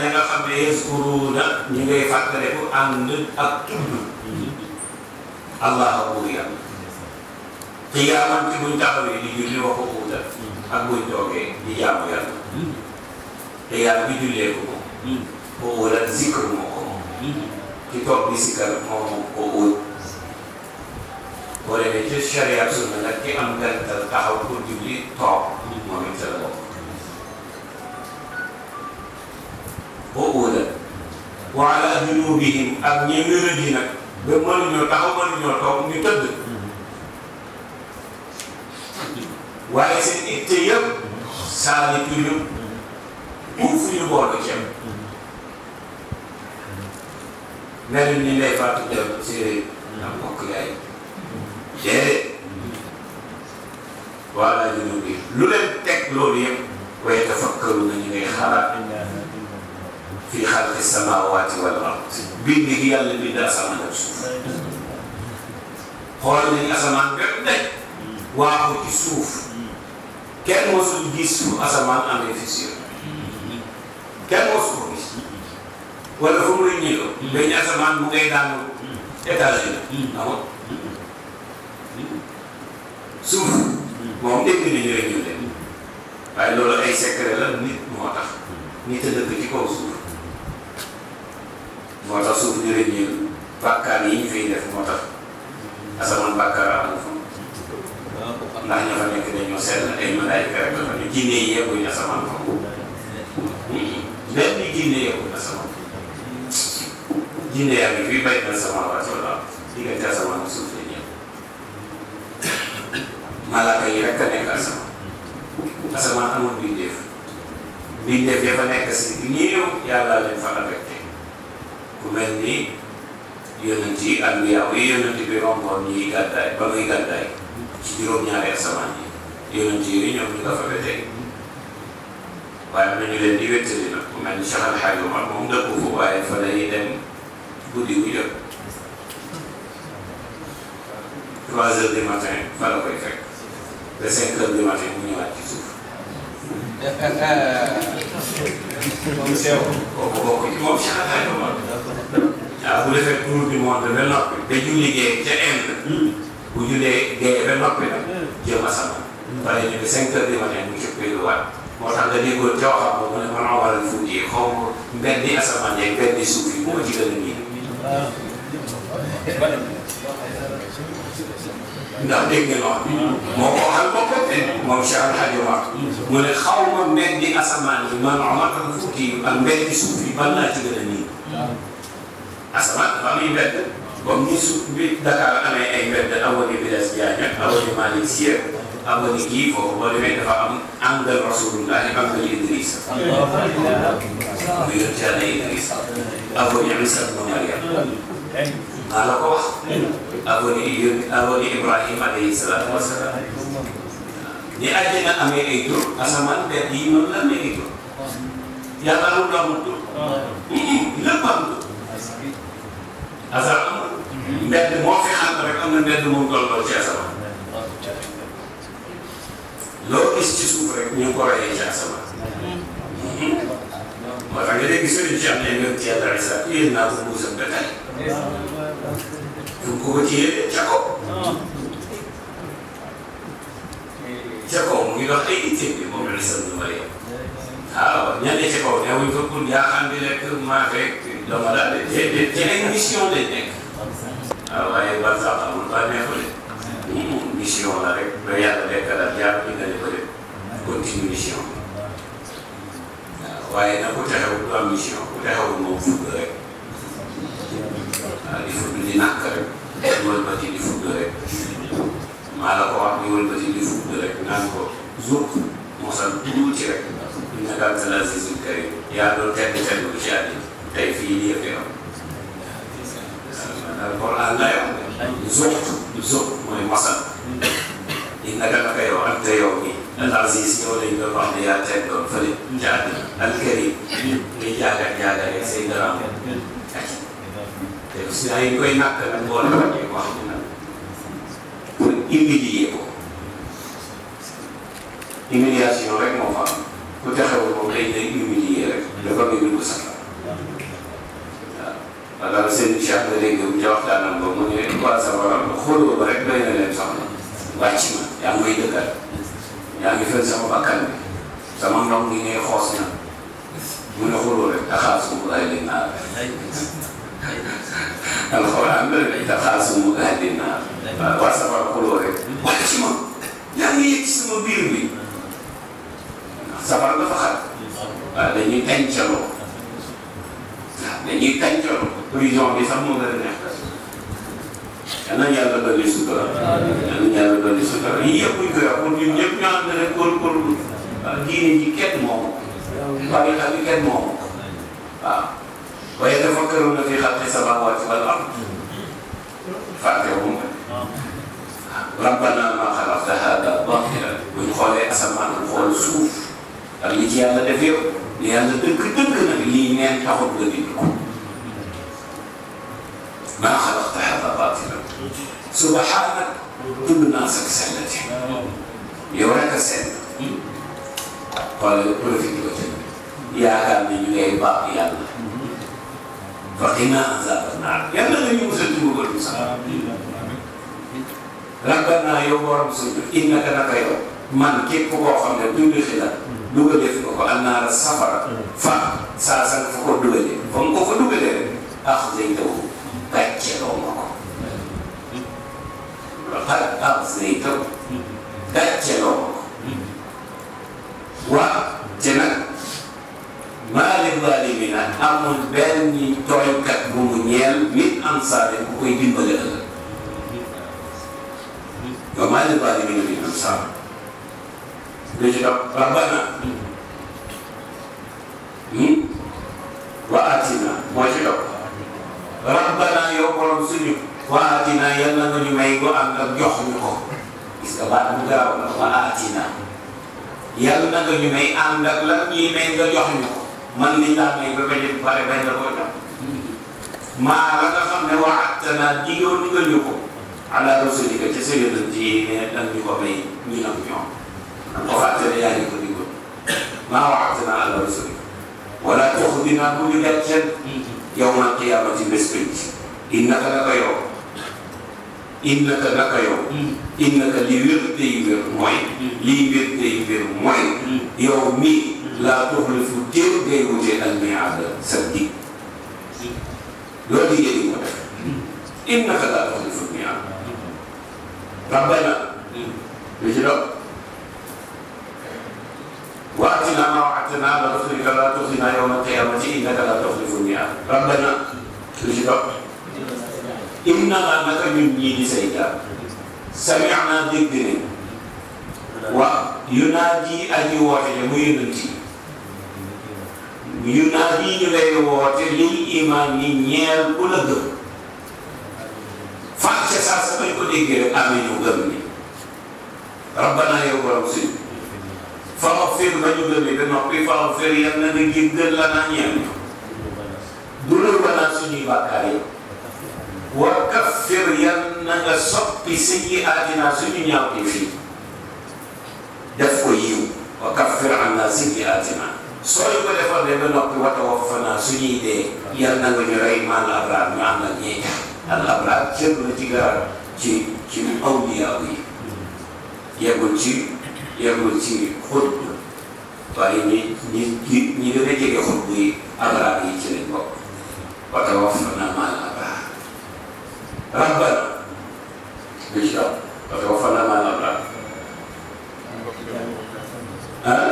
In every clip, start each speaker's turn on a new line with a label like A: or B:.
A: ñi nga xam ne yaskuruuna ñu ngay fàttaliku ànd ak tudd allah buur yàlla ci yaaman ci buñ taxawee di julli waxu uutal ak buñ toogee di jaamu yàlla te yàlla bi jullee ko moom ko uutal zikr moo ko moom ci toog bi sikkar moom moom ko uut boo demee ci charia sunna nag ci am gantal taxaw pour julli toog moom it wa uula wa ala junubihim ak ñi wéra di nag ba mënuñoo taxaw mënuñoo toog ñu tëdd waaye seen itte yëpp saa ni tuñu uuf ñu boole ceeb mel ni lay fàttu dem séeréer ak mbokk yaay déedéet wa ala junubihim lu leen teg loolu yëpp waaye tafakkaru na ñu ngay xalaat fii xalqi samaawaati wal ard bind gi yàlla bind asamaan ak suuf xool nañu asamaan bépp nekk waaxu ci suuf kenn mosul gis suuf asamaan amee fissure kenn mosul ko gis wala fu mu la ñëw mm. dañu asamaan bu ngay daanu étage yi mm. amoon suuf moom dégg nañu rek ñu leen waaye loolu ay secret la nit moo tax nit a dëkk suuf moo tax suuf di rëññee bàkkaar yi ñu fiy def moo tax asamaan bàkkaar amu fa ndax ñoo fa nekk dañoo sell ay malaayika rek dafa ne jinne yi yegguñu asamaan fa hmm. benn jinne yegguñu asamaan jinne yaa ngi fii bay na sama waat wala diggante asamaan ak suuf la ñëw malaaka yi rek a nekk asamaan asamaan amul mbindeef mbindeef ya fa nekk si néew yàlla leen fa avec ku mel ni yonent yi anbiyaaw yi yonent bi romboon ñuy gàddaay ba muy gàddaay ci juróom-ñaari asamaan yi yonent yi ñoom ñu nga fa ba tey waaye am na ñu leen di wéttali nag ku mel ni Cheikh Al Hadj Omar moom dëkku fa waaye fa lay dem guddi gu jot trois heures du matin fa la koy fekk ba cinq heures du matin mu ñëwaat ci suuf moom sew kooku bokk ci moom Cheikh Al Hadj Omar Ah, bu defee tour du monde ba noppi da
B: julli gee ca Inde hmm. bu jullee gee ba noppi asama hmm. hmm. pare ne
A: cinq heures du matin mu jëpp lu waat moo tax nga déggoon ca waxam ne man awal al fuuti yi xaw ma mbedd di asamaan yeeg mbedd di suuf yi moo nii
B: ndax dégg nga noonu moo ko waxal boppam de moom Cheikh Al Hadj Omar
A: mu ne xaw ma mbedd di asamaan yi man awal al fuuti yi ak mbedd di suuf yi ban nii asamaan dafa am ay mbedd comme ni su bi Dakar amee ay mbedd avenue Blaise Diagne ak avenue Malick Sy avenue kii foofu boo demee dafa am angle Rasulullah angle Idrissa muy yónni Yàlla Idrissa avenue
B: Isa ibn Maryam
A: maa la ko wax avenue yónni avenue Ibrahima alayhi salaatu wasalaam ni àjjana amee ay tur asamaan mbedd yi noonu la amee ay tur yàlla amul lu amul tur lépp am tur asal mbedd moo fi xam rek am na mbedd moom doon ci asama loo gis ci suuf rek ñu ngi ko rayee ci asama moo tax nga dégg sëriñ ci am ne ngeen ci yàlla rek sax yéen naa ko buusam ba tey ko ko téye ca kaw ca kaw mu ngi dox ay itteem bi moom la sëriñ Mariam waaw ñenn ca kaw ne wuñ ko pour yaa xam bi lekk maa fekk doomu daal de de de rek mission nekk. waaw waaye ban sax amul ba nekkule. mission la rek ba yàlla dekkalaat yàlla bindale ko def continue mission bi. waaw waaye nag bu taxawul du am mission bu taxawul moom fugg rek. waaw di fugg di nàkk rek. di wëlbati di fugg rek. maa la ko wax di wëlbati di fugg rek naan ko suuf mosal tuuti rek. inna kàlla si la si suuf kër yi. yaa doon tedd tedd ci àddina tey fii nii yëpp yoon. maanaam Alxuraan la yoon. zuxtu zuxtu mooy masal. li naka naka yow ak te yow nii. al aziz ñoo lañ doon wax ne yaa teg doon fële. jaadi al karim. ngay jaaga jaaga rek say garaam. te su ñu koy nàkk nag boole ko ñu wax ñu nag pour humilier ko. humiliation rek moo fa am ku texewul moom dañ lay humilier rek. dafa mel ni bu sax ma daal seen Cheikh ba léegi bu ñu waxtaanal ba mu ne waa Sambara ba xooloo ba rek doy na leen soxla wàcc ma yaa ngi may dëkkal yaa ngi fël sama bakkan bi sama ndox mi ne xoos na mu ne xooloo rek taxaasumu ahli naar alxuraan ba rek taxaasumu ahli naar waaw waa Sambara xooloo rek wàcc ma yaa ngi yegg sama biir bi ndax Sambara dafa xat waaw dañuy tàncaloo waaw dañuy tàncaloo. prison bi sax moo gën a neex kaso yal nañu yàlla dolli sutura
B: yal nañu yàlla dolli sutura yii yëpp ñu koy wax kon ñun ñëpp ñoo ànd rek góorgóorlu diine ji kenn moomu waaye xam nga kenn
A: moomu waaw waaye dafa këroon na fi xalqi samaawaati wal ard fàtte wu ma rabbana maa xalaqta haadaa baatilan bu ñu xoolee asamaan bu xool suuf
B: ak li ci yàlla def yëpp li yàlla dëgg dëgg nag lii neen taxut nga dindi ko maa xalaqta haadha baatilan
A: subhaanaka tudd naa sa sellati yow rek a sell wala yow profité ko ci yaakaar ne ñu ngay baax
B: yàlla وقنا عذاب النار
A: يلا لن يوزنوا بالمسلمين ربنا يوم رب سجود إنك لك يوم من كيف كو خامل دوغ خلا دوغ ديف كو النار السفر فا ساسا فكو دوغ فم كو دوغ اخ زيتو gàcceloo ma ko Pape Pape Seye Diop gàcceloo
B: ma ko waa te nag maa leen zaalimiina amul benn
A: tooñkat bu mu ñeel nit ansaare bu koy dimbale ëllëg yow maa leen zaalimiina nit ansaare lu ci topp rabbana wa atina moo ci rabbana yow borom suñu waatina yàlla nga ñu may gu ànd ak jox ñu ko gis nga baat bu gaaw la waatina yàlla na nga ñu may ànd ak lan ñuy may nga jox ñu ko man li nga may ba bañ a pare bañ la ko jox maa la nga xam ne waatina digoon nga ñu ko ala rasulika ca sa yonent yi ne da ñu ko may ñu am ñoom. am ko waatina yaa ngi ko digoon maa waatina ala rasulika wala tuxdina bu ñu gàcceel yawmal qiyaamati bés pénc innaka naka yow innaka naka yow hmm. innaka li wér tey wér mooy lii wér
B: tey wér mooy hmm. yow mii hmm. laa tuxlifu déew ngay wutee al miiaada sa dig loolu liggéey di ko def innaka laa tuxlifu
A: al miiaad rabbana li ci doon واتنا ما وعدتنا على رسلك لا تخزنا يوم القيامه انك لا تخلف الميعاد ربنا تجب اننا لك من جيد سيدا سمعنا ذكرين وينادي اجي وحده وينادي yunaadi ñu lay woote lil iman ni ñeel ku la gëm
B: fàcce saa sa bañ ko déggee rek amee ñu gëm ni rabbana yow borom suñu
A: faghfir dañu gëm te noppi faghfir yal na nga jéggal lanaa ñeel ñu du la wanaa suñuy bàkkaar yi wa kaffir yal na nga soppi sayyi'aatinaa suñu ñaawteef yi def ko yiw wa kaffir annaa sayyi'aatinaa sooy ko defal de ba noppi wa tawaffanaa suñuy dee yal na nga ñu rey maal abraar ñu ànd ak ñi al abraar cër la ci gaar ci ci awliyaa yi yeggul ci. yemul ci xut waaye ñi ñi ñi ñi gën a jege xut buy agraab yi ci lañ bokk wa tawaffana maa al-abrar rabbana lu ci daw wa tawaffana maa al-abrar ah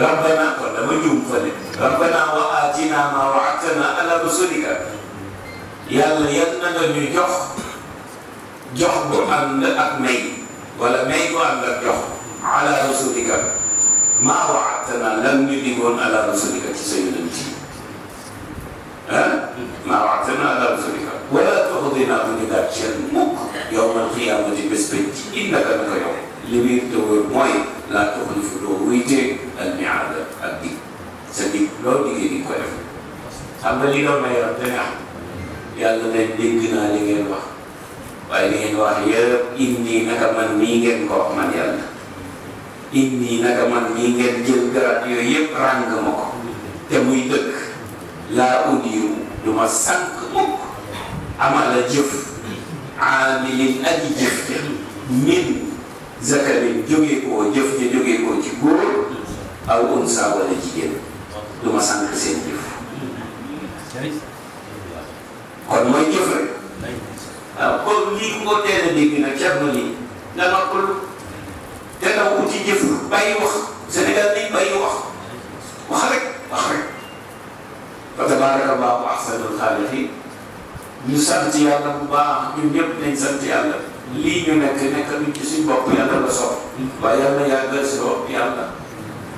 A: rabbana kon dama juum fële rabbana wa atina maa wa'adtana ala rusulika
B: yàlla yan na nga ñu
A: jox jox bu ànd ak may wala may gu ànd ak jox ala rasulika maa waatana lan ñu digoon ala rasulika ci sa yonent yi ah maa waatana ala rasulika wala tuxdinaa bu ñu daal seen mukk yowmal xiyaamati bés pénc innaka naka yow li muy tëwër mooy laa tuxlifu doo wuyte al miaada ak dig sa dig loo diggee di ko def xam nga li doon may yaram dana am yàlla ne dégg naa li ngeen wax. waaye li ngeen wax yëpp indi naka man mii ngeen ko wax man yàlla indi naka man mii ngeen jël garab yooyu yëpp ràng ma ko te muy dëkk laa udiyu du ma sànq mukk amala jëf aamilin aji jëf ja min zakarin jógee jëf ja jógee ci góor aw unsa wala jigéen du ma sànq seen jëf kon mooy jëf lii ku ko teel a dégg nag jar na lii nga noppalu te ndaw uti jëf wax Sénégal nañ bàyyi wax wax rek wax rek fa tabaraka allahu ahsanul xaaliqin ñu sant yàlla bu baax ñun ñëpp nañ sant lii ñu nekk nekk luñ ci suñ bopp yàlla la sopp waaye yàlla yàggal si bopp yàlla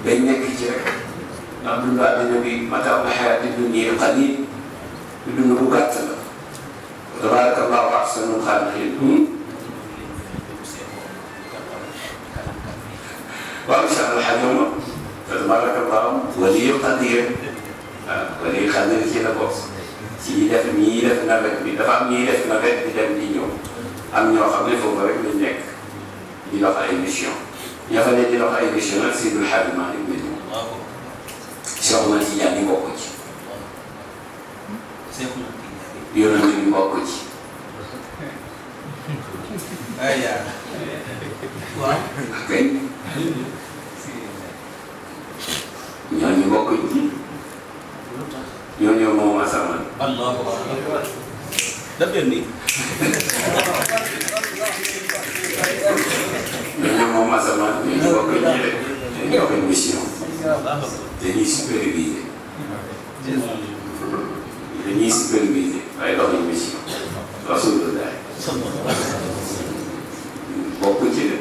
A: day nekk ci rek ndax dund àddina bi mataaw la xayaati dunya qalil dund bu gàtt la tabarakallahu ahsanul xaaliqiin hmm? waaw incha allah xam nga tabarakallahu wala yëpp xam ngeen waaw wala yëpp xam ngeen ci la bokk ci ñi def ñi def nawet bi dafa am ñi def nawet di dem di ñëw am ñoo xam ne foofu rek lañ nekk di dox ay mission ñoo fa ne di dox ay mission nag Seydou Hadj Malick mi ñu soxna ci ñaan yi bokk ci. yónn nañu bokk ci. waaw kay ñooñu bokk ci ñooñu moom asamaan.
B: allahu akbar daf leen nii. ñooñu moom asamaan ñooñu bokk ci rek dañuy joxe mission dañuy superviser dañuy superviser.
A: meloon yu si rasulullah bokkuñ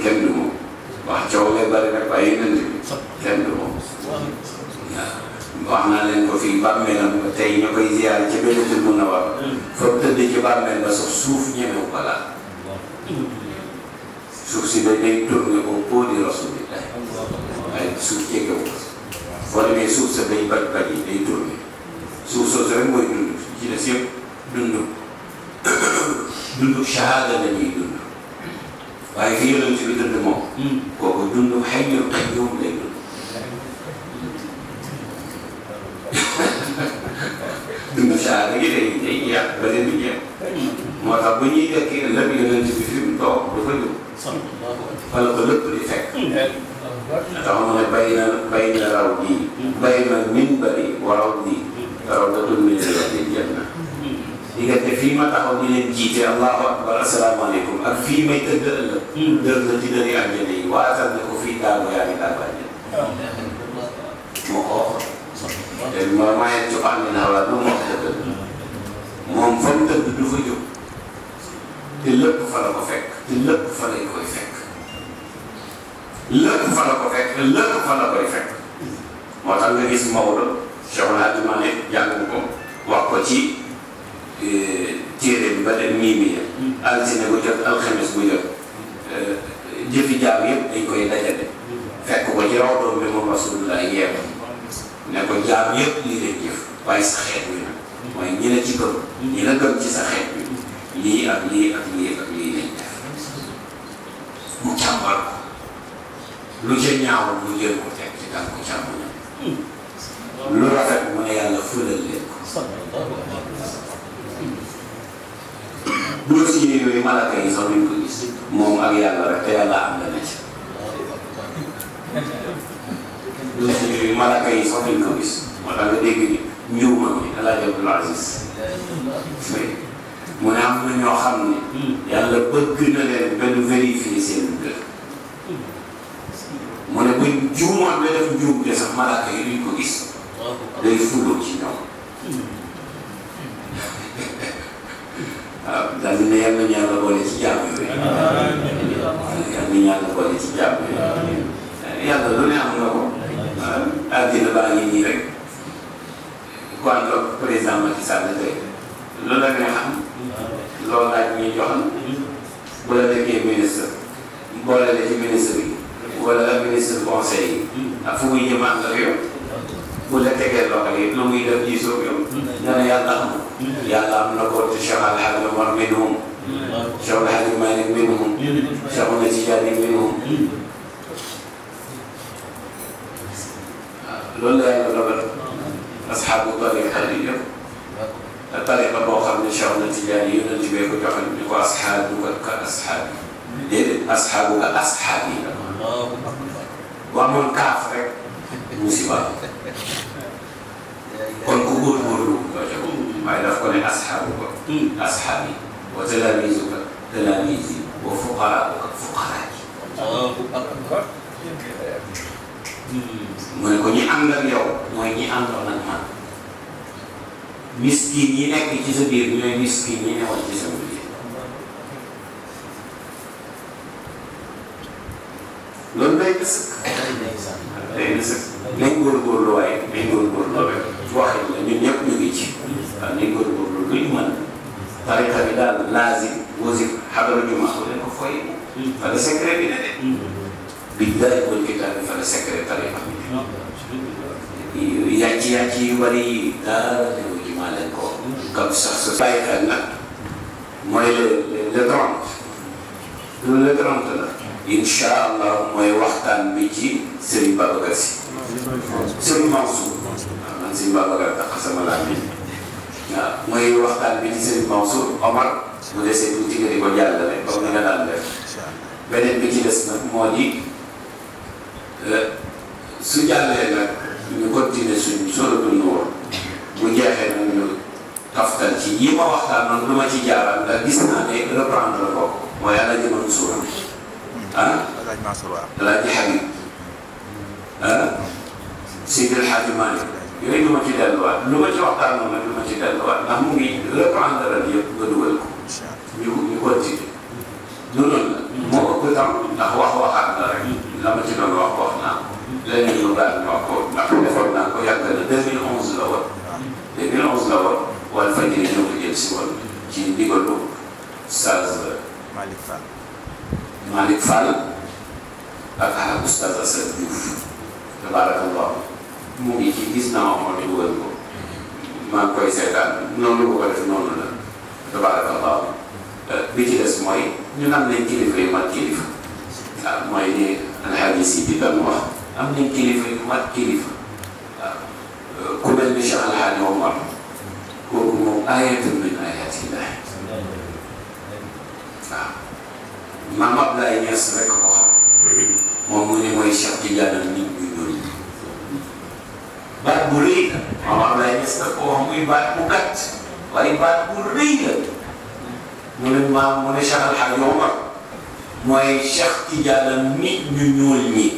B: kenn du moom wax coow bari nag waaye yeneen bi kenn du moom wax naa leen ko fii bàmmeelam tey ñoo koy ziyaar ci benn
A: tur mun a war fa tëdd ci bàmmeel ba sax suuf ñemewu ko laal
B: suuf si day day tourné ko koo di rasulillah suuf jegewul ko wala mais suuf sa day baj baj yi day
A: dundu shahada la ñuy dund waaye fi yonent bi dund moom. Hmm. kooku dund xëy na xëy na yow lay dund. dundu shahada gi day day yàq ba leen di jeex. moo tax bu ñuy fekkee lépp yonent bi fi mu toog dafa jóg. wala ko lépp di fekk. Hmm. tax mu ne bay na bay na raw bii. Hmm. bay na minbari wa raw bii. raw datul minbari diggante fii ma taxaw di leen jiite allahu akbar asalaamaaleykum ak fii may tëdd ëllëg. Hmm. dër la ci dëri àjjana yi fii daagu yaa ngi daagu àjjana. ma ko ma maa yegg ci naa wala lu mu wax dëgg moom fa mu tëdd du fa jóg. te lépp fa la ko fekk. te lépp fa la ko fekk te lépp fa la koy fekk. moo tax nga gis ko wax ci. téere bi ba tey miimi ya hmm. altine bu jot euh, jëfi jaam yëpp dañ koy dajale fekk ko ci doom bi moom rasulullah yeew ne ko jaam yëpp lii leen jëf waaye sa xeet bi nag mooy ñi ci gëm ñi la ci sa xeet bi lii ak lii ak lii ak lii lañ def mu càmbar ko lu ca ñaawul mu jël ko teg ci tànku càmbuñam hmm. lu rafet mu ne yàlla fulal leen dossier yooyu malaka yi sax duñ
B: moom ak yàlla rek te yàlla am na ci dossier yooyu malaka yi sax duñ ko gis moo tax nga dégg ni ñëw ma ni El Hadj Abdoul Aziz mu ne am na ñoo xam ne yàlla bëgg na leen benn
A: vérifier seen dëkk mu ne buñ juumoon ba def juum te sax malaka yi duñ ko gis day fuloo ci ñoom
B: waaw daal di ne yal nañu yàlla boole ci jàmm yooyu. yal nañu yàlla boole ci jàmm yooyu. yàlla lu ne am na
A: ko. addina baa ngi nii rek. ku ànd ak président Macky Sall tey lu la nga xam. loolu laaj ñuy jox la. bu la nekkee ministre. boole la ci ministre yi. wala ministre conseil yi. ak fu muy jëmaat la yow. bu la
B: tegee loxo yi lu muy def jiitu yow. nee na yàlla am na. Mm-hmm. yàlla am na ko ci Cheikh Al Hadj Omar minhum. Mm-hmm. Cheikh Al Hadj Malick minhum. Mm-hmm. Cheikh na Tidiane minhum.
A: loolu la yàlla dogal. asxaabu tariqa yi yëpp. tariqa boo xam ne Cheikh na Tidiane yonent bee ko joxal ni ko asxaabu ka asxaabi. déedéet asxaabu ka asxaabi la. wax moom kaaf rek. musiba kon ku góorgóorlu waaye daf ko ne asxaabuka hmm. asxaabi
B: wa talaamiizuka talaamiizi
A: wa fuqaraauka fuqaraayi mu ne ko ñi ànd ak yow mooy ñi àndoon ak man miskin yi nekk ci sa biir ñooy miskin yi newoon ci sa biir loolu day gis. day gis nañ góorgóorlu waaye nañ góorgóorlu rek waxin la ñun ñëpp ñu ngi ci waaw nañ góorgóorlu lu ñu mën tariqa bi daal laazim wasif xadara juma ko leen ko foy fa la secret bi ne de. billahi wal kitaab bi fa la secret tariqa
B: bi
A: ne. yàcc yàcc yu bëri yi dara teewu juma leen ko. comme sax sa bàyyi xel nag mooy le le trente le trente la. incha mooy waxtaan bi ci Serigne si Serigne Mansour waaw man Serigne Babacar ak sama laaj mooy waxtaan bi ci Serigne Mansour Omar mu desee tuuti nga di ko jàllale comme ni nga daan def beneen bi ci des nag moo di euh, su jàllee nag ñu continuer suñ solo dund woon bu taftal ci yi ma waxtaan noonu lu ma ci jaaral ndax gis naa ne reprendre ko mooy yàlla jëmoon suuram ah. alaaj Mansour waaw. alaaj Habib ah. Seydi El Hadji Malick yooyu du ma ci delluwaat lu ma ci waxtaanoo nag du ma ci delluwaat ndax mu ngi reprendre yëpp nga dugal ko. ñu ñu continuer. noonu la moo ëpp tam ndax wax waxaat na rek la ma ci doon wax wax naa ko. léegi ñu daal ñu wax ko ndax defoon naa ko yàgg na 2011 la woon. 2011 la woon Walfadjri ñoo ko jël si woon ci ndigalu Saz
B: Malick Fall. Malick Fall ak ak Oustaz Assane Diouf
A: tabarakallah mu ngi ci gis naa waxoon ne wër ko maa ngi koy seetaan noonu lu ko def noonu la tabarakallah euh, bi ci des mooy ñun am nañ kilifa yu mat kilifa mooy ni alxaaji si bi daan wax am nañ kilifa yu mat kilifa waaw euh, ku mel ni Cheikh Alxaaji Omar kooku moom ayatun min ayatillah waaw maam Abdoulaye Niass rek ko xam moom mu ne mooy Cheikh Tidiane nit ñu ñuul ñi baat bu rëy la maam Abdoulaye Niass daf ko wax muy baat bu gàtt waaye baat bu rëy mu ne maam mu ne Cheikh Al Hadj mooy Cheikh Tidiane nit ñu ñuul ñi.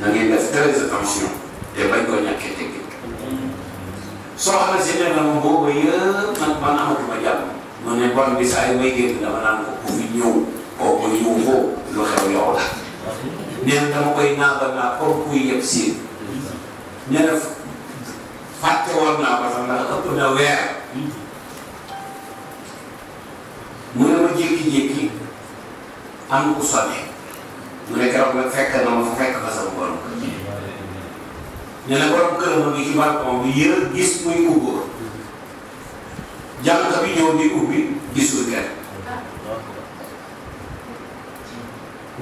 A: na ngeen def très attention te bañ ko ñàkkee teggi soo xamee si ne la moom boobu yëpp nag man amatuma jàpp mu ne bon bi saa yu may génn dama naan ko ku fi ñëw koo ko ñëw foo lu la nee na dama koy naaba naa comme kuy yëpp siin nee na fàtte woon ko sax ndax ëpp weer mu ne ma jékki-jékki am ku sonné mu ne keroog nag na ma fa fekk fa sama borom kër ñu ne borom kër ma ngi ci balcon bi yër gis muy ubboo jànq bi ñëw di ubbi gisul kenn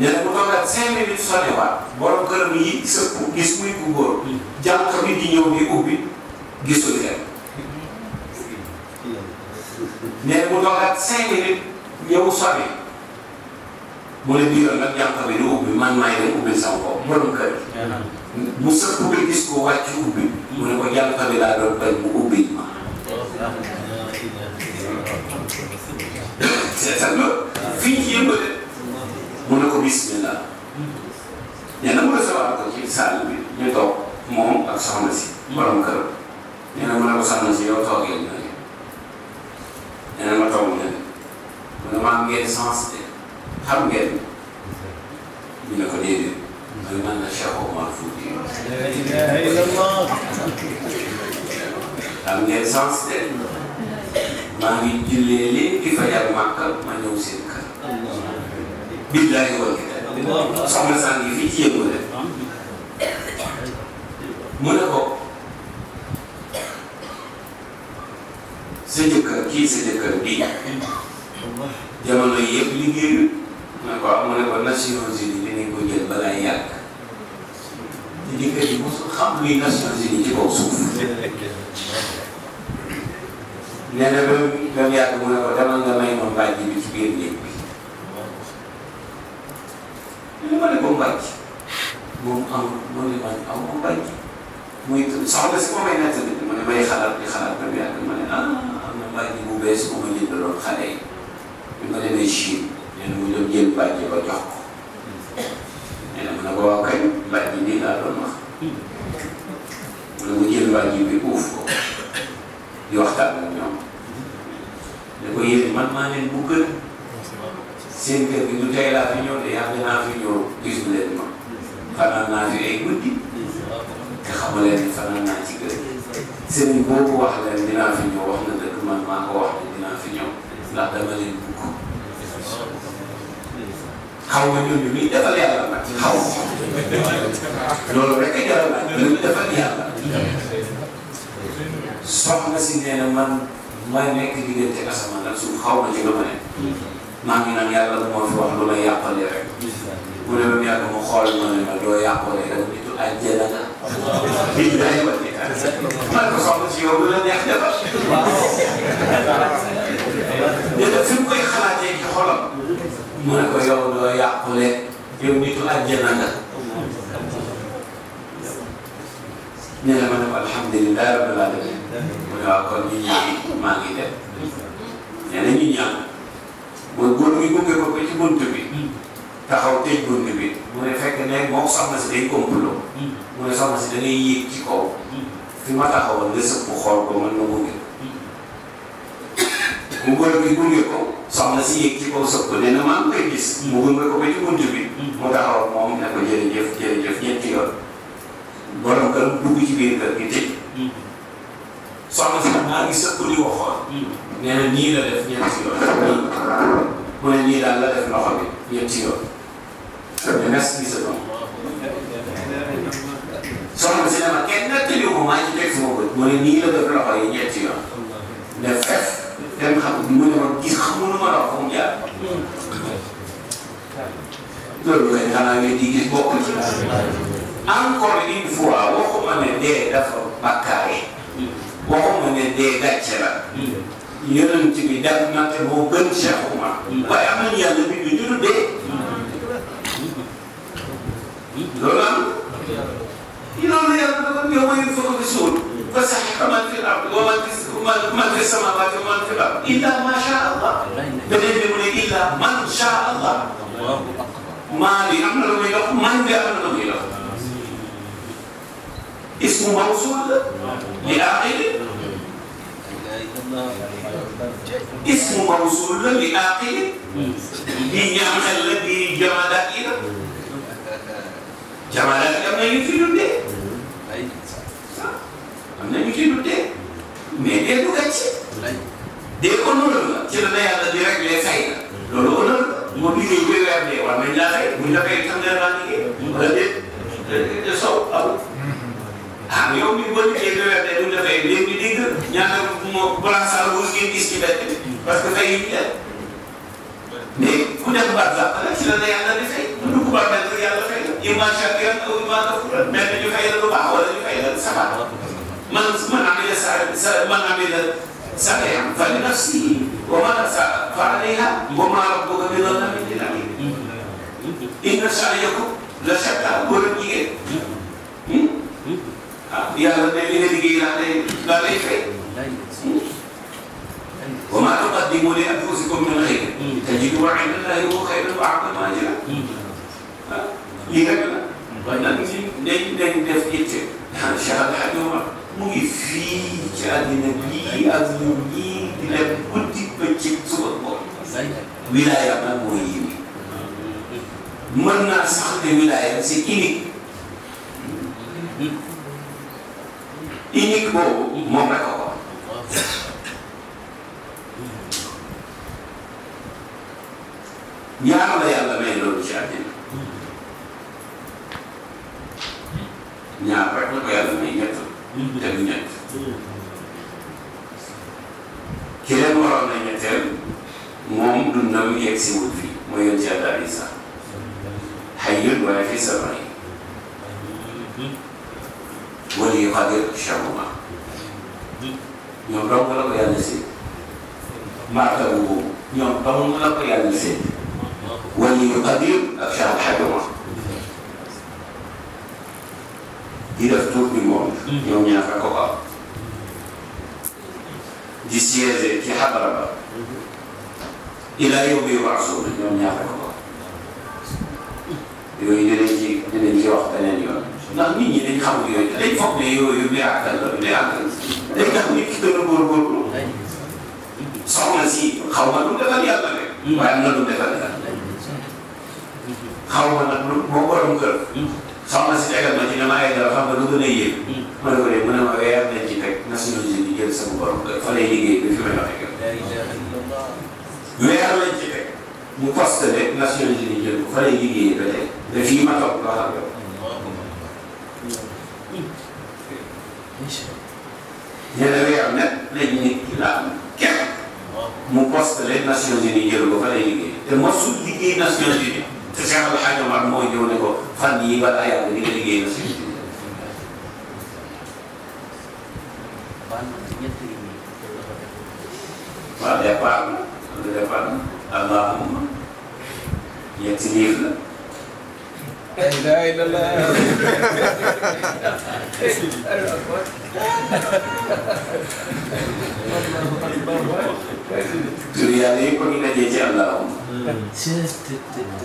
B: ñu ne mu toogaat cinq minutes sonné waat mi yi sëpp gis muy ubboo
A: jànq bi di ñëw di ubbi gisul kenn ñu ne mu toogaat cinq minutes ñëw sonné mu ne bii yoon nag jànq bi du ubbi man maay dem ubbi sama bopp borom kër gi. bu sëkk bi gis ko wàcc ubbi. mu ne ko jànq bi laa doon bañ mu ubbi ma. seetal la fii ci yëngu de mu ne ko bismillah. nee na mu recevoir ko ci salle bi ñu toog moom ak soxna si. borom kër nee na mu ne ko soxna si yow toogee ñu ne nee na ma toog ñu ne mu ne maa ngi sens de. xam ngeen ñu ne ko déedéet mooy man la Cheikh Omar Fouti am ngeen sens de maa ngi jullee léegi fajar Màkka ma ñëw seen kër billahi wal kitaab soxna saa ngi fii ci yëngu de mu ne ko sa jëkkër kii sa jëkkër bii jamono yëpp liggéeyul mu ne ko waaw ah, mu ne ko Nations Unies dinañ ko jël balaa yàgg di diggante bi mosul xam luy Nations Unies ci kaw suuf nee na ba ba mu yàgg mu ko demal nga may ma mbàjj bi ci biir néeg bi li ma ne ko mbàjj moom amul moom li ma ne amul ko mbàjj muy soxna si moom ay nettali ma ne may xalaat di xalaat ba mu yàgg ma ne ah am na mbàjj bu bees bu ma jëndaloon xale yi bi ma demee Chine nee na mu dem jël bàjj ba jox ko nee mu ne ko waaw kañ bàjj bi laa doon wax mu ne mu jël bàjj bi uuf ko di waxtaan ak ñoom da ko yéene man maa bu kër gi du tey laa fi ñëw de yàgg naa fi ñëw gis leen ma fanaan naa fi ay guddi te xamu leen ni fanaan naa ci kër seen boobu wax leen dinaa fi na dëgg man maa ko wax ne dinaa fi ñëw ndax dama leen xaw ma ñooñu luy defal yàlla nag xaw ma loolu rek a jaral luy defal yàlla soxna si nee na man may nekk diggante asamaan ak suuf xaw ma ci lu ma ne maa ngi naan yàlla moo fi wax lu ma yàqalee rek mu ne ba mu yàgg mu xool ma ne ma doo yàqalee rek nitu àjjana nga nit day wane man ko soxna si yow du la neex defal nee na fi mu koy xalaatee ci xolam mu ne ko yow doo yàqule yow nitu àjjana nga ñu ne ma ne ko alhamdulilah rabbil alamin mu ne waaw kon ñu ñaan maa ngi dem nee na ñu ñaan mooy góor gi gunge ko ba ci bunt bi taxaw tëj bunt bi mu ne fekk ne moom soxna si day complot mu ne soxna si da ngay yéeg ci kaw fi ma taxawoon nga sëpp xool ko mën na gunge mu góor gi gunge ko soxna si yéeg ci kaw sëpp nee na maa ngi koy mu gunge ko ba ci bunt bi. mu taxaw moom ne ko jërëjëf jërëjëf ñetti yoon. borom kër dugg ci biir kër gi tëj. soxna si maa ngi sëpp di waxoon. nee na nii la def ñetti yoon nii mu ne nii daal la def loxo bi ñetti yoon. mais merci gisatoo. si ne ma kenn nettali ko maa ci teg sama bët mu ne nii la def loxo yi ñetti yoon. def fef. dem xam mu ne ma gis xamu nu ma la wax ba mu jaar. loolu kay xanaa ngeen di gis bokk ci. encore une fois waxuma ne dee dafa bakkaare. waxuma ne dee gàcce la. yonent bi daf na te moo gën Cheikh Oumar. waaye am nañu yàlla bi bi du dee. loolu am. loolu yàlla dafa ñëw mooy foog a وسع ما في الارض ومن في السماوات ومن في الارض الا ما شاء الله beneen bi mu ne illa man shaa allah maa bi am na lu muy dox man bi am na lu muy dox ismu mawsul la li aaqili ismu mawsul la li aaqili di ñaan xel la di jamaadaat yi la jamaadaat yi am na yu fi dundee am na ñu ciy dutee mais dee du gàcce dee honneur la ci la la yàlla di réglé fay la loolu honneur la moo liggéey bi weer dee war nañ laa fay buñ la fay xam ne laa liggéey wala déet te sow amul ah yow mi boo liggéey bi weer dee duñ la fay léegi di dégg ñaata moo balansal wu ngeen gis ci bett bi parce que fay yi ñu def mais ku nekk baat la ci la la yàlla di fay dugg baat la yàlla fay la image ak yan au image ak mais ñu fay la lu baax wala ñu fay la sabaat من من عمل من عمل سبعا فلنفسه وما فعليها وما ربك بظلام للعبيد إن سعيكم لشتى ولم يجد yàlla ne li nga liggéey laa lay laa lay fay. wa maa tuqaddimu li anfusikum min xayr tajiduhu inda llaahi huwa xayran wa a'zamu ajran. ah lii rek la. waaye nag dañ dañ def itte. ah Cheikh Al Hadj Omar mu ngi fii ci àddina bii ak ñun ñii di dem guddi bëccëg suba bopp wilaaya nag mooy yiw yi mën naa sax ne wilaaya c'est unique unique boobu moom rek a ko ñaar la yàlla may loolu ci àddina ñaar rek la ko yàlla dem ñett ki leen waroon na ñetteel moom dundam yegg si wut fii mooy yonent Yàlla Isa xayyun waaye fi sabri wala yu xadir charuma ñoom dong la ko yàlla si marka boobu ñoom dong la ko yàlla si wala yu xadir ak charuma di def tur bi moom ñoom ñaar ko am di siège ci xadara ba ilaa yow bi waasu ñoom ñaar ko am yooyu dinañ ci dinañ ci wax beneen yoon ndax nit ñi dañ xamul yooyu dañ foog ne yooyu miracle la miracle dañ tax nit ki gën a góorgóorlu soxna si xaw ma lu defal yàlla rek waaye am na lu defal yàlla xaw ma nag lu boo borom kër soxna si tegal ma ci ma ay dara xam nga lu gën a yéeg. Hmm. ma ne ko de ma weer nañ ci teg nationalisé bi jël sama borom kër fa lay liggéey ba fi may wax weer lañ mu posté rek nationalisé bi jël ko fa lay liggéey ba tey te fii ma toog loo xam yow.
B: ñu hmm. ne weer net lañ nit ki la am képp hmm. mu posté rek nationalisé bi jël ko fa lay liggéey te te Cheikh Al Hadj Omar mooy ñëw ne ko fan yii balaa yàgg di nga liggéey na si.
A: waaw départ na xam nga départ na allahumma ñetti liir la. la ilaha illallah. tur yàlla yëpp a ngi dajee ci allahumma.
B: Hmm. Hmm.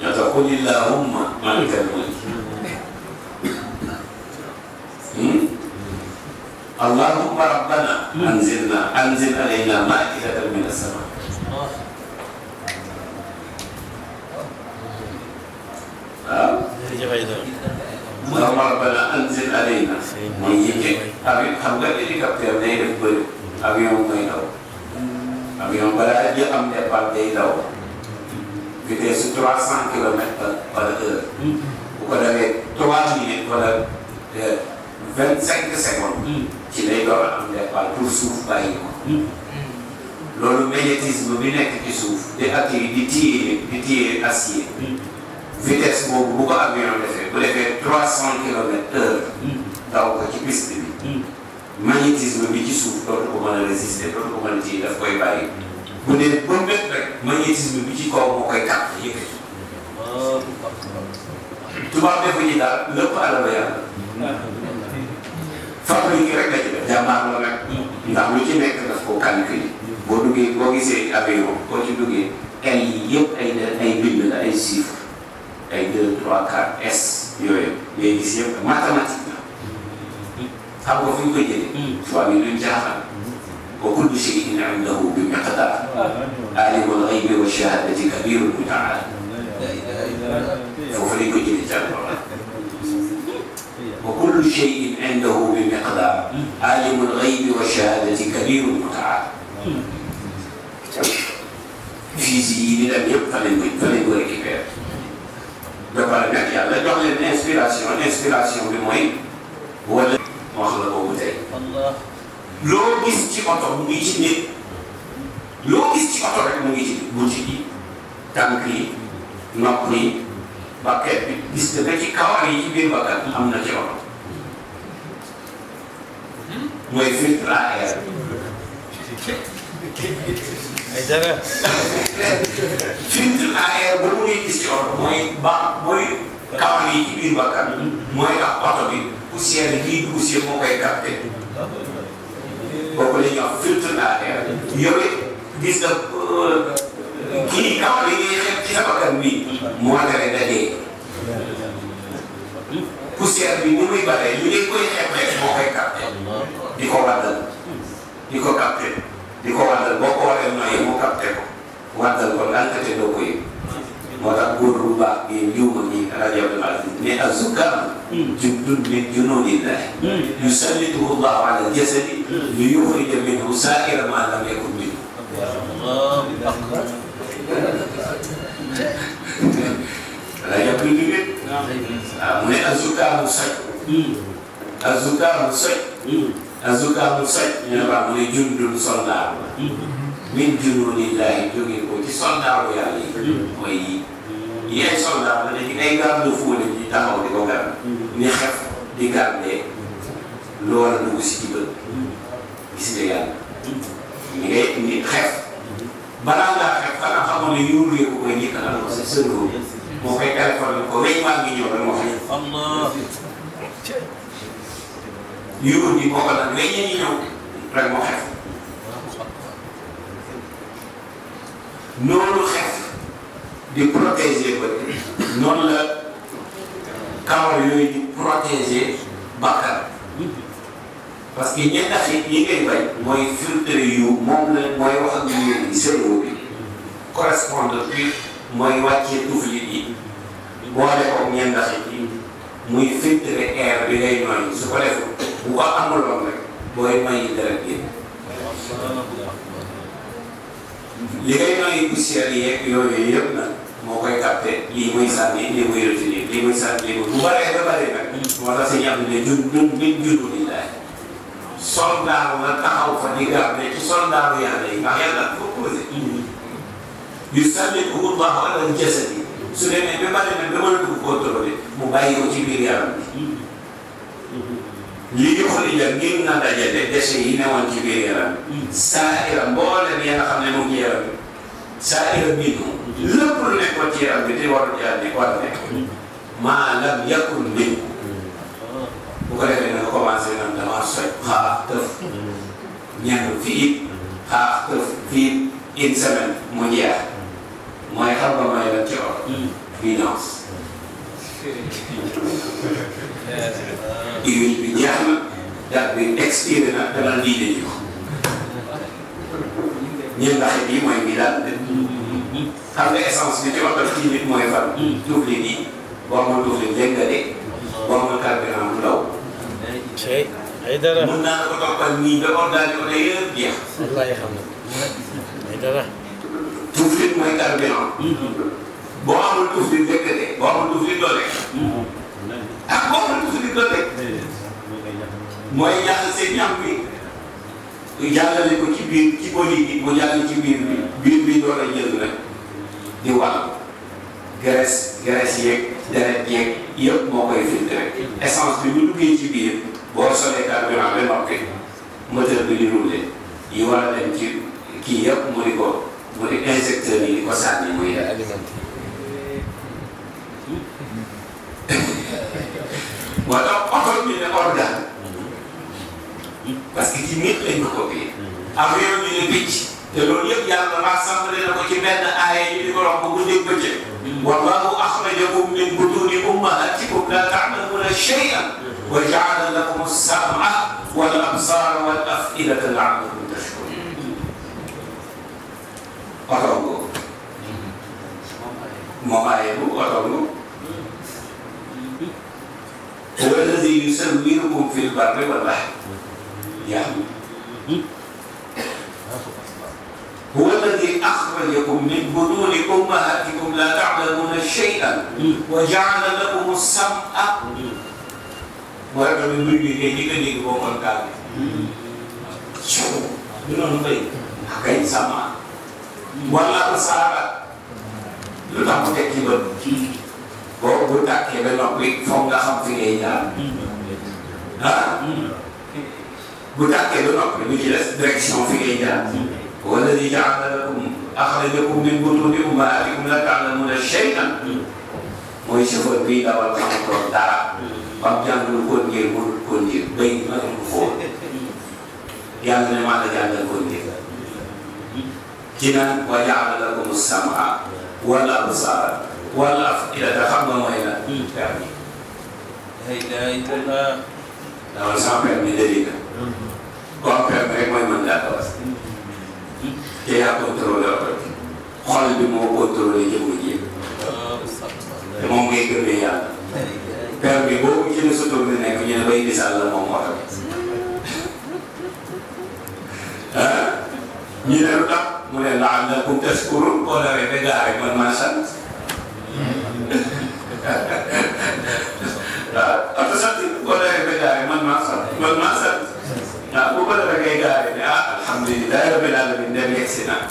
A: ñoo tax qul illahumma malikal mulk hmm? allahumma rabbana anzilna anzil alayna maa'idatan min as-sama
B: waaw ah? allahumma rabbana anzil alayna mooy yi njëkk avion xam nga hélicoptère day def
A: bëri avion mooy daw avion balaa jël am départ day daw vitesse trois cent kilomètres par heure. bu trois minutes wala euh, vingt cinq
B: secondes. Mm.
A: ci lay door a am mm. loolu magnétisme bi nekk ci suuf di attiré di téye di téye acier. Mm. vitesse boobu bu ko avion defee bu defee trois cent kilomètres heure. daw ko ci piste bi. magnétisme bi ci suuf dootu ko mën a résister ko mën a
B: téye daf koy bàyyi. bu ne bën bët rek magnétisme bi ci kaw moo koy tàq yëkkati
A: tubaab defu ñi daal lépp alal la yàlla
B: fàttali ngi rek
A: la ci def jàmbaar la nag ndax lu ci nekk daf ko calculé boo duggee boo gisee avion boo ci duggee ay yëpp ay ay bind la ay chiffre ay 2 3 4 S yooyu ngay gis yëpp mathématique la xam nga fu ñu ko jëlee mm. tubaab yi duñ jaaxal bokkul bu si عنده بمقدار عالم الغيب والشهادة الكبير المتعال لا إله إلا الله فوف lañ ko jëlee ci alquran وكل شيء عنده بمقدار عالم الغيب والشهادة كبير المتعال fils yi di dem yëpp fa lañ koy fa lañ ko récupéré ba pare nag yàlla jox leen inspiration inspiration bi mooy wala wax la boobu tey loo gis ci oto mu ngi ci nit loo gis ci oto rek mu ngi ci butit yi tànk yi nopp yi bakket bi gis nga ba ci kawar yi ci biir bakkat am na ci oto mooy filtre à air filtre à air boobu mooy ba mooy kawar yi ci biir bakkat mooy tax oto bi poussière yi kooku la ñuy wax filtre dentaire yore gis na euh, kii kaw li ñuy xet ci sa bakkan bi moo tere dajee poussière bi ni muy baree ñu ngi koy xeeb moo koy capté di ko waddal di ko capté di ko waddal boo ko waree noyyi mu capté ko waddal ko lànkate doo ko yëg moo tax góor bu baax bi liw ma nii rajo bi جند من جنود الله يسلطه الله على الجسد ليخرج منه سائر ما لم يكن منه. الله أكبر.
B: لا يكن لبيت. من الزكاة
A: مصيب. الزكاة مصيب. الزكاة مصيب. يبقى من جند صلى min junuudillaahi jógee ko ci soldaaru yàlla yi. mooy yi yéen soldaar la dañu day gàllankoor fóole ñu taxaw di ko gàllankoor. ni xef di gàllee lu war a dugg si bët gis nga ni ngay ni xef balaa ngaa xef xanaa xamoon ne yow léegi koy njëkk a àndal sa sën boobu moo koy téléphoné ko weñ maa ngi ñëw rek wax ñëw. yow di kooku nag weñ a ngi ñëw rek moo xef noonu xef di protéger bët noonu la. kawar yooyu di protéger bakkan parce que ñetti bay mooy filtre yu moom la mooy wax ak yu cerveau bi correspondre bi mooy wàccee tuflit yi boole koog ñeenti xeet yi muy filtre air bi ngay noyyi su ko defee bu ko amuloon rek booy noyyi dara génn li ngay noyyi poussière yeeg yooyu yëpp nag. moo koy capté lii muy sànni lii muy retenir lii muy sànni lii muy bu baree ba baree nag. moo tax sëñ Abdou ne jun ñun ñun junu lii laay. soldat la taxaw fa di garde ci soldat bu yàlla yi ndax yàlla ko posé. yu sànni ko wut baax wala ñu jësat yi su demee ba pare nag dama la dugg contrôlé mu bàyyi ko ci biir yaram bi. li ñu xool itam ngir na dajale déchets yi newoon ci biir yaram bi. saa yaram mboolem yi nga xam ne moom ci yaram bi saa yaram bii moom. lépp lu nekkoon ci bi te warul jaar ne war a nekk maa lam yakun nii bu ko defee na nga commencé nag dama soj xaax tëf ñaxu fii xaax tëf fii une semaine mu mooy xam nga mooy lan ci or finance bi jeex na date bi expiré na dama lii la ñu ko ñun ndax it yi mooy mi Mmh. xam nga essence bi ci waxtaan ci nit mooy fan. tuufli mmh. bi boo ma tuufli njëngale. boo ma carburant bu ndaw. ay dara mun naa ko toppal nii ba ordinaire ko day yëpp jeex. wallaahi xam nga ay dara. tuufli mooy carburant. Mmh. boo amul tuufli njëngale. boo amul tuufli doole. ak boo amul tuufli doole. mooy yàq seen ñam bi. ñu jàllale ko ci biir ci oli bi mu jàll ci bi bi door a jël nag di wàll graisse graisse yeeg deret yeeg yëpp moo koy filtré essence bi bu duggee ci biir boo solee carburant ba noppi moteur bi di roulé yi war a dem ci kii yëpp mu ko mu di injecteur yi di ko sànni muy dem moo tax oto bi ne organe parce que ci nit lañ ko copié. am réew ñu ne picc. te loolu yëpp yàlla maa sàmbale na ko ci benn aaya yi di ko wax ba guddeeg bëccëg. wallahu axrajakum min butuni ummahatikum la taalamuuna shay'an wa jaala lakum as-sam'a wal absaara wal af'idata la'allakum tashkurun moom aaya bu otoolu huwa alladi yusawwirukum fil barri wal
B: bahri يعلم هو الذي أخرجكم من بطون
A: أمهاتكم لا تعلمون شيئا وجعل لكم السمع mooy rajo bi muy liggéey ñi nga dégg boo kon kaal bi. noonu mbay. ak ay sama. wala ko saara. lu tax mu teg ci bët. boo bu tàkkee ba noppi foog nga xam fi ngay jaar. ah. bu tàkkee ba noppi lu ci des direction fi ngay jaar wala di jaala lakum axrajakum min butuni ummahatikum la taalamuna shay'an mooy chauffeur bi dawal xamutoon dara bam jàngul
B: conduire mënul conduire béy mënul fóon yàlla ne maa la jàngal conduire
A: ci naan wa jaala lakum samaa wala absaara wala afidata xam nga mooy la permis hmm. dawal sans permis de contraire rek mooy mën ngaa tawas te yaa contrôlé oto bi xol bi moo contrôlé jëmm ji te moom ngay gëmee yàlla per bi boobu jënd sa tur di nekk ñu ne bay misaal la moom oto bi ah ñu ne lu tax mu ne la'allakum tashkurun koo lawee ba gaa rek man maa sant waaw oto sant koo lawee ba gaa rek man maa sant man maa waaw bu ko defee ngay gaaree ne ah alhamdulilah rabbil alamin dem yegg si naa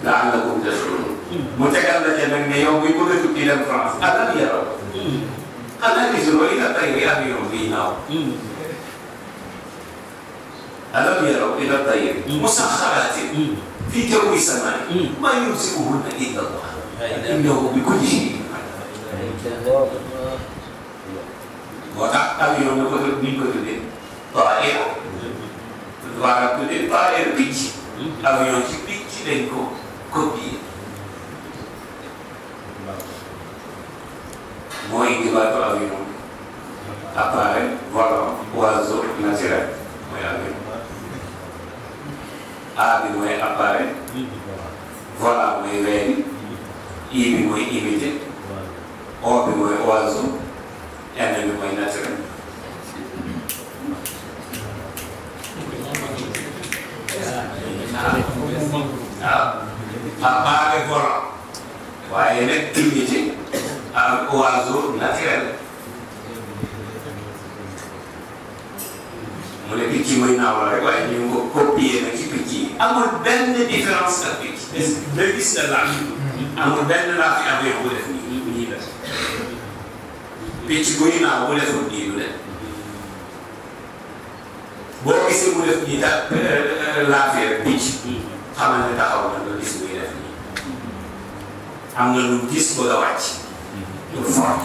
A: laallakum tashkurun mu tegal la ca nag ne yow buy bëgg a tukki dem France alam yaraw xanaa gisuloo ila tayri avion bii naaw alam yaraw ila tayri musaxaraatin fi jawi samaa maa yumsikuhunna illa Allah innahu bi kulli shay'in moo tax avion ñu ko tuddee voilà que des pareils picc. avion ci picc dañ ko copier. mooy dibaatu avion appareil volant oiseau naturel mooy avion. A bi mooy appareil. volant mooy ween. I bi mooy imité. O bi mooy oiseau. N bi mooy naturel. waaw ah, xabaare goro waaye nag imité ak ah, oiseau naturel mu ne picc muy naaw la rek
B: waaye ñu ngi ko copier nag ci picc yi amul benn différence ak picc da gis na laaj amul benn laaj ci avion
A: bu def nii nii la picc buy naaw bu deful nii du def boo gisee mu def nii daal euh, euh, laafee rek picc xamal ne taxaw na lu gis muy def nii am na lu gis bëgg a wàcc mm-hmm. lu fort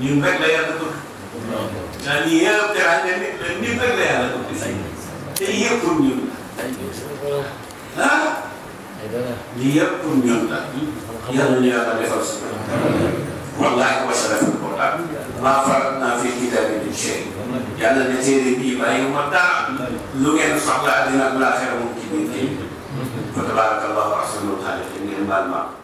A: ñun rek la yàlla bëgg ndax ñii yëpp teraanga nit la nit rek la yàlla bëgg te yëpp pour ñun la ah lii yëpp pour ñun la mm-hmm. yàlla ñu yàlla defal su wallaahi wa salaam alquran maa faratnaa fil kitaabi min shay
B: yàlla ne téere bii bàyyiwuma dara lu ngeen soxlaa dina laa xeram ci biir kii fa tabaarakallahu ahsanul xaaliqiin ngeen baal ma